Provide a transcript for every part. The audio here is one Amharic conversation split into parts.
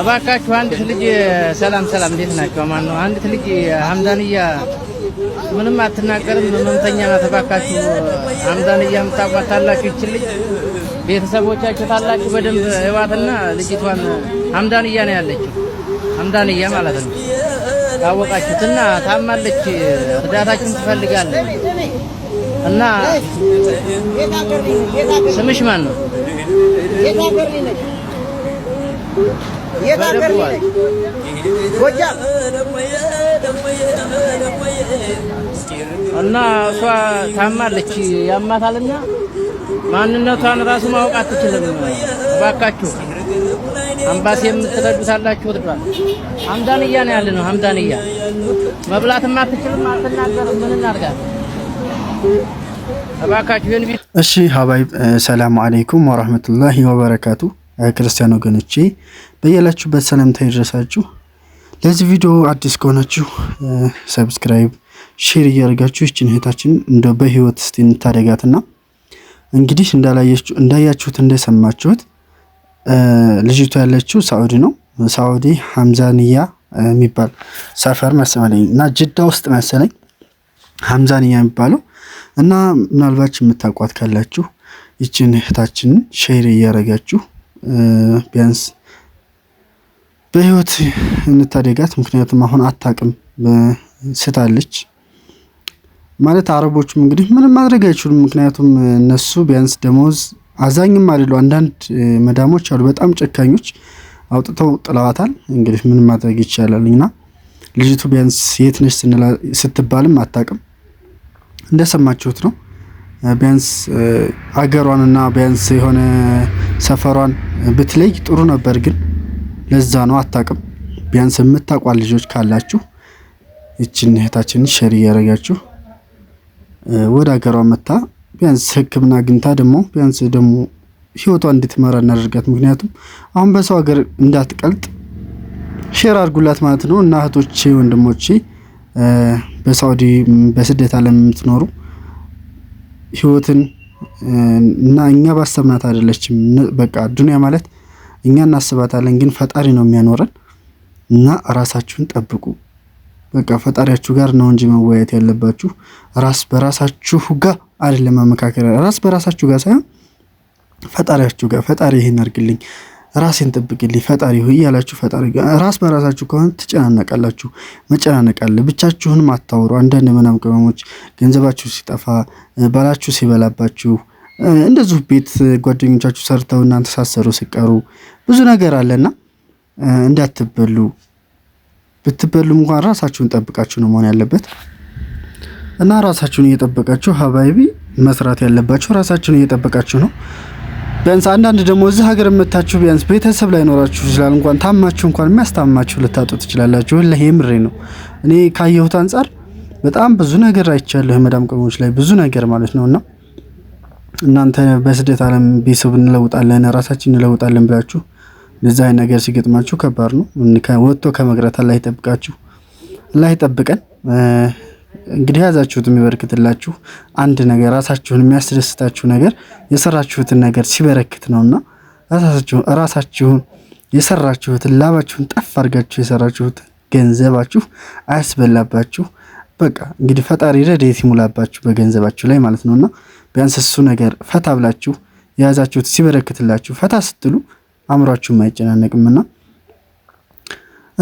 እባካችሁ አንዲት ልጅ ሰላም ሰላም፣ እንዴት ናቸው? ማን ነው? አንዲት ልጅ ሀምዳንያ ምንም አትናገርም፣ መምተኛ ናት። እባካችሁ ሀምዳንያ የምታውቋት ታላችሁ፣ ይችን ልጅ ቤተሰቦቻችሁ ታላችሁ፣ በደንብ እባትና ልጅቷን ሀምዳንያ ነው ያለችው፣ ሀምዳንያ ማለት ነው። ታወቃችሁትና ታማለች፣ እርዳታችሁን ትፈልጋለች። እና ስምሽ ማን ነው? የት ሀገር ጎጃም እና እሷ ታማለች ያማታልና ማንነቷን እራሱ ማወቅ አትችልም። እባካችሁ አምባሲ የምትረዱታላችሁ ትሏል። ሀምዳንያ ነው ያለ ሀምዳንያ መብላትም አትችልም፣ አትናገርም። ምን እናድርጋለን? እባካችሁ እሺ። ሀባይብ አለይኩም ወረህመቱላሂ ወበረካቱ ክርስቲያን ወገኖቼ በያላችሁበት ሰላምታ ይድረሳችሁ። ለዚህ ቪዲዮ አዲስ ከሆናችሁ ሰብስክራይብ፣ ሼር እያደረጋችሁ ይችን እህታችን እንደ በህይወት እስቲ እንታደጋትና እንግዲህ እንዳያችሁት እንደሰማችሁት ልጅቷ ያለችው ሳዑዲ ነው። ሳዑዲ ሐምዛንያ የሚባል ሰፈር መሰለኝ እና ጅዳ ውስጥ መሰለኝ ሐምዛንያ የሚባለው እና ምናልባች የምታውቋት ካላችሁ ይችን እህታችንን ሼር እያደረጋችሁ ቢያንስ በህይወት እንታደጋት። ምክንያቱም አሁን አታቅም ስታለች ማለት አረቦቹም እንግዲህ ምንም ማድረግ አይችሉም። ምክንያቱም እነሱ ቢያንስ ደሞዝ አዛኝም አይደሉ። አንዳንድ መዳሞች አሉ በጣም ጨካኞች፣ አውጥተው ጥለዋታል። እንግዲህ ምንም ማድረግ ይቻላል እና ልጅቱ ቢያንስ የት ነች ስትባልም አታቅም። እንደሰማችሁት ነው። ቢያንስ አገሯንና ቢያንስ የሆነ ሰፈሯን ብትለይ ጥሩ ነበር። ግን ለዛ ነው አታቅም። ቢያንስ የምታውቋን ልጆች ካላችሁ ይችን እህታችንን ሸር እያደረጋችሁ ወደ ሀገሯ መታ ቢያንስ ሕክምና አግኝታ ደግሞ ቢያንስ ደግሞ ህይወቷ እንድትመራ እናደርጋት። ምክንያቱም አሁን በሰው ሀገር እንዳትቀልጥ ሼር አድርጉላት ማለት ነው። እና እህቶቼ ወንድሞቼ፣ በሳውዲ በስደት አለም የምትኖሩ ህይወትን እና እኛ ባሰብናት አይደለችም። በቃ ዱኒያ ማለት እኛ እናስባታለን፣ ግን ፈጣሪ ነው የሚያኖረን። እና ራሳችሁን ጠብቁ። በቃ ፈጣሪያችሁ ጋር ነው እንጂ መወያየት ያለባችሁ ራስ በራሳችሁ ጋር አይደለም። መመካከል ራስ በራሳችሁ ጋር ሳይሆን ፈጣሪያችሁ ጋር። ፈጣሪ ይህን አድርግልኝ ራሴን ጠብቅልኝ ፈጣሪ ሆይ እያላችሁ ፈጣሪ ራስ በራሳችሁ ከሆነ ትጨናነቃላችሁ። መጨናነቃለ ብቻችሁን ብቻችሁንም አታውሩ። አንዳንድ መናም ቅመሞች ገንዘባችሁ ሲጠፋ፣ ባላችሁ ሲበላባችሁ፣ እንደዚሁ ቤት ጓደኞቻችሁ ሰርተው እናንተ ሳሰሩ ሲቀሩ ብዙ ነገር አለና እንዳትበሉ። ብትበሉም እንኳን ራሳችሁን ጠብቃችሁ ነው መሆን ያለበት እና ራሳችሁን እየጠበቃችሁ ሀባይቢ መስራት ያለባችሁ ራሳችሁን እየጠበቃችሁ ነው። ቢያንስ አንዳንድ ደግሞ እዚህ ሀገር የምታችሁ ቢያንስ ቤተሰብ ላይ ኖራችሁ ይችላል እንኳን ታማችሁ እንኳን የሚያስታማችሁ ልታጡ ትችላላችሁ። ላ የምሬ ነው። እኔ ካየሁት አንጻር በጣም ብዙ ነገር አይቻለሁ የመዳም ቅመሞች ላይ ብዙ ነገር ማለት ነው። እና እናንተ በስደት ዓለም ቤተሰብ እንለውጣለን ራሳችን እንለውጣለን ብላችሁ እንደዚህ አይነት ነገር ሲገጥማችሁ ከባድ ነው። ወጥቶ ከመቅረት አላህ ይጠብቃችሁ፣ አላህ ይጠብቀን። እንግዲህ ያዛችሁት የሚበረክትላችሁ አንድ ነገር ራሳችሁን የሚያስደስታችሁ ነገር የሰራችሁትን ነገር ሲበረክት ነውና ራሳችሁን የሰራችሁትን ላባችሁን ጠፍ አድርጋችሁ የሰራችሁት ገንዘባችሁ አያስበላባችሁ። በቃ እንግዲህ ፈጣሪ ረድኤት ይሙላባችሁ በገንዘባችሁ ላይ ማለት ነውና ቢያንስ እሱ ነገር ፈታ ብላችሁ የያዛችሁት ሲበረክትላችሁ ፈታ ስትሉ አእምሯችሁም አይጨናነቅምና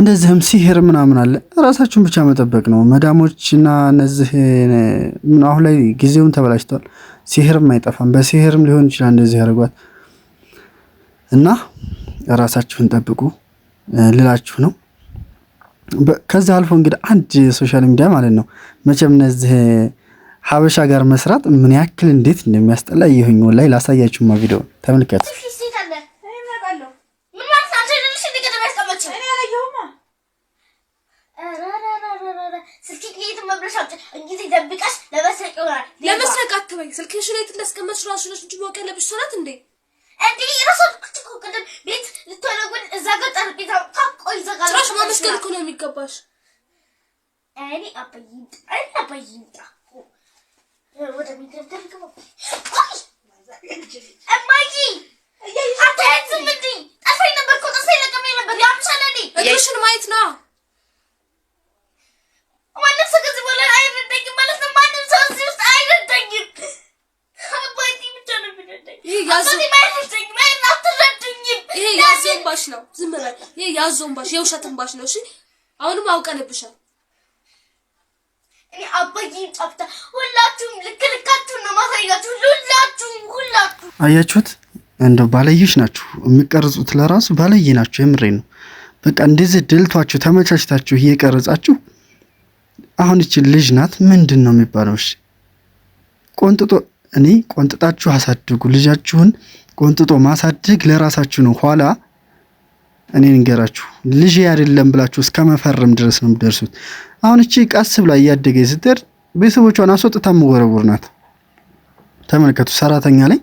እንደዚህም ሲህር ምናምን አለ። ራሳችሁን ብቻ መጠበቅ ነው። መዳሞች እና እነዚህ አሁን ላይ ጊዜውን ተበላሽቷል። ሲህርም አይጠፋም። በሲሄርም ሊሆን ይችላል እንደዚህ ያደርጓት እና ራሳችሁን ጠብቁ ልላችሁ ነው። ከዚህ አልፎ እንግዲህ አንድ ሶሻል ሚዲያ ማለት ነው መቼም እነዚህ ሀበሻ ጋር መስራት ምን ያክል እንዴት እንደሚያስጠላ ይሁኝ ላይ ላሳያችሁማ ቪዲዮ ተመልከቱ። እንግዲህ ደብቀሽ ለመስረቅ ይሆናል። ለመስረቅ አትበይ። ስልክሽን የት እንዳስቀመጥሽ እራሱ ነሽ እንጂ ማወቅ ያለብሽ እሷ ናት እንዴ? እንዴ እራሱ ልኩት እኮ ቅድም ቤት ልትወለጉን እዛ ጋር ጠረጴዛ ታቆ ይዘጋል። ጭራሽ ማመስገን እኮ ነው የሚገባሽ። እኔ አባዬ ይምጣ፣ እኔ አባዬ ይምጣ ወደ ቤት ደብደብ እማዬ አታያትም እንዴ? ጠፋኝ ነበር እኮ ጠፋኝ፣ ለቀመኝ ነበር ያምሻል። እኔ እግርሽን ማየት ነዋ እምባሽ ነው። ዝም በል። ይሄ ያዞ እምባሽ የውሸት እምባሽ ነው። እሺ አሁንም አውቀንብሻል። እኔ አባዬ ጣፍታ ሁላችሁም ልክ ልካችሁን ነው ማሳያችሁ። ሁላችሁም ሁላችሁ አያችሁት፣ እንደው ባለየሽ ናችሁ የሚቀርጹት ለራሱ ባለየ ናችሁ። የምሬ ነው። በቃ እንደዚህ ድልቷችሁ ተመቻችታችሁ እየቀረጻችሁ አሁን እቺ ልጅ ናት ምንድን ነው የሚባለው? እሺ ቆንጥጦ እኔ ቆንጥጣችሁ አሳድጉ ልጃችሁን። ቆንጥጦ ማሳደግ ለራሳችሁ ነው ኋላ እኔ ንገራችሁ ልጅ አይደለም ብላችሁ እስከ መፈረም ድረስ ነው የምደርሱት አሁን እቺ ቀስ ብላ እያደገ ስትር ቤተሰቦቿን አስወጥታ መወረወር ናት። ተመልከቱ፣ ሰራተኛ ላይ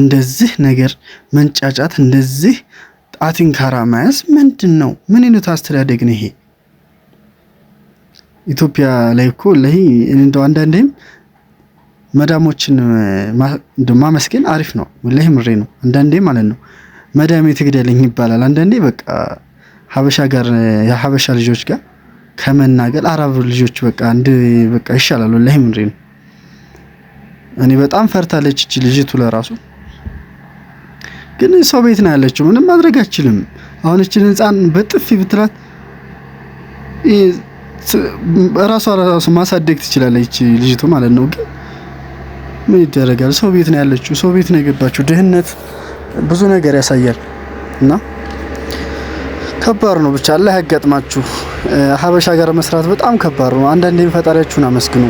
እንደዚህ ነገር መንጫጫት፣ እንደዚህ ጣትንካራ መያዝ ምንድን ነው? ምን አይነት አስተዳደግ ነው ይሄ? ኢትዮጵያ ላይ እኮ ለይ እንደው አንዳንዴም መዳሞችን ማመስገን አሪፍ ነው። ለይ ምሬ ነው አንዳንዴ ማለት ነው መዳሜ ትግደለኝ ይባላል። አንዳንዴ በቃ ሀበሻ ጋር የሀበሻ ልጆች ጋር ከመናገል አረብ ልጆች በቃ አንድ በቃ ይሻላል። ወላሂ ምንድን ነው እኔ በጣም ፈርታለች እቺ ልጅቱ ለራሱ ግን ሰው ቤት ነው ያለችው። ምንም ማድረግ አችልም። አሁን እችን ህፃን በጥፊ ብትላት ራሷ ራሱ ማሳደግ ትችላለች ልጅቱ ማለት ነው። ግን ምን ይደረጋል? ሰው ቤት ነው ያለችው። ሰው ቤት ነው የገባችው ድህነት ብዙ ነገር ያሳያል እና ከባድ ነው። ብቻ አላህ ያጋጥማችሁ። ሀበሻ ጋር መስራት በጣም ከባድ ነው። አንዳንዴም ፈጣሪያችሁን አመስግኑ።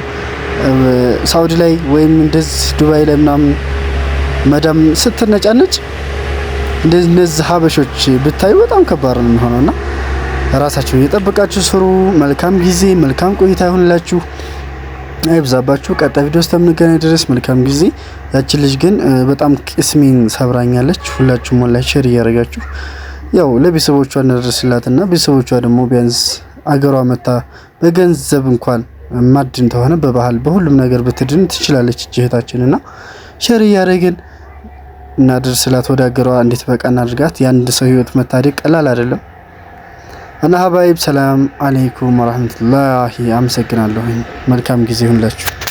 ሳውዲ ላይ ወይም እንደዚህ ዱባይ ላይ ምናምን መዳም ስትነጫነጭ እንደዚህ ሀበሾች ብታዩ በጣም ከባድ ነው የሚሆነው እና ራሳችሁን እየጠበቃችሁ ስሩ። መልካም ጊዜ፣ መልካም ቆይታ ይሁንላችሁ። አይብዛባችሁ። ቀጣይ ቪዲዮ እስከምንገናኝ ድረስ መልካም ጊዜ። ያችን ልጅ ግን በጣም ቅስሜን ሰብራኛለች። ሁላችሁም ላይ ሼር እያደረጋችሁ ያው ለቤተሰቦቿ እናደርስላትና ቤተሰቦቿ ደግሞ ቢያንስ አገሯ መታ በገንዘብ እንኳን ማድን ተሆነ በባህል በሁሉም ነገር ብትድን ትችላለች እህታችን እና ሼር እያደረግን እናደርስላት ወደ አገሯ እንዴት በቃ እናድርጋት። የአንድ ሰው ህይወት መታደግ ቀላል አይደለም። እና ሀባይብ ሰላም አለይኩም ወረህመቱላሂ አመሰግናለሁኝ። መልካም ጊዜ ሁንላችሁ።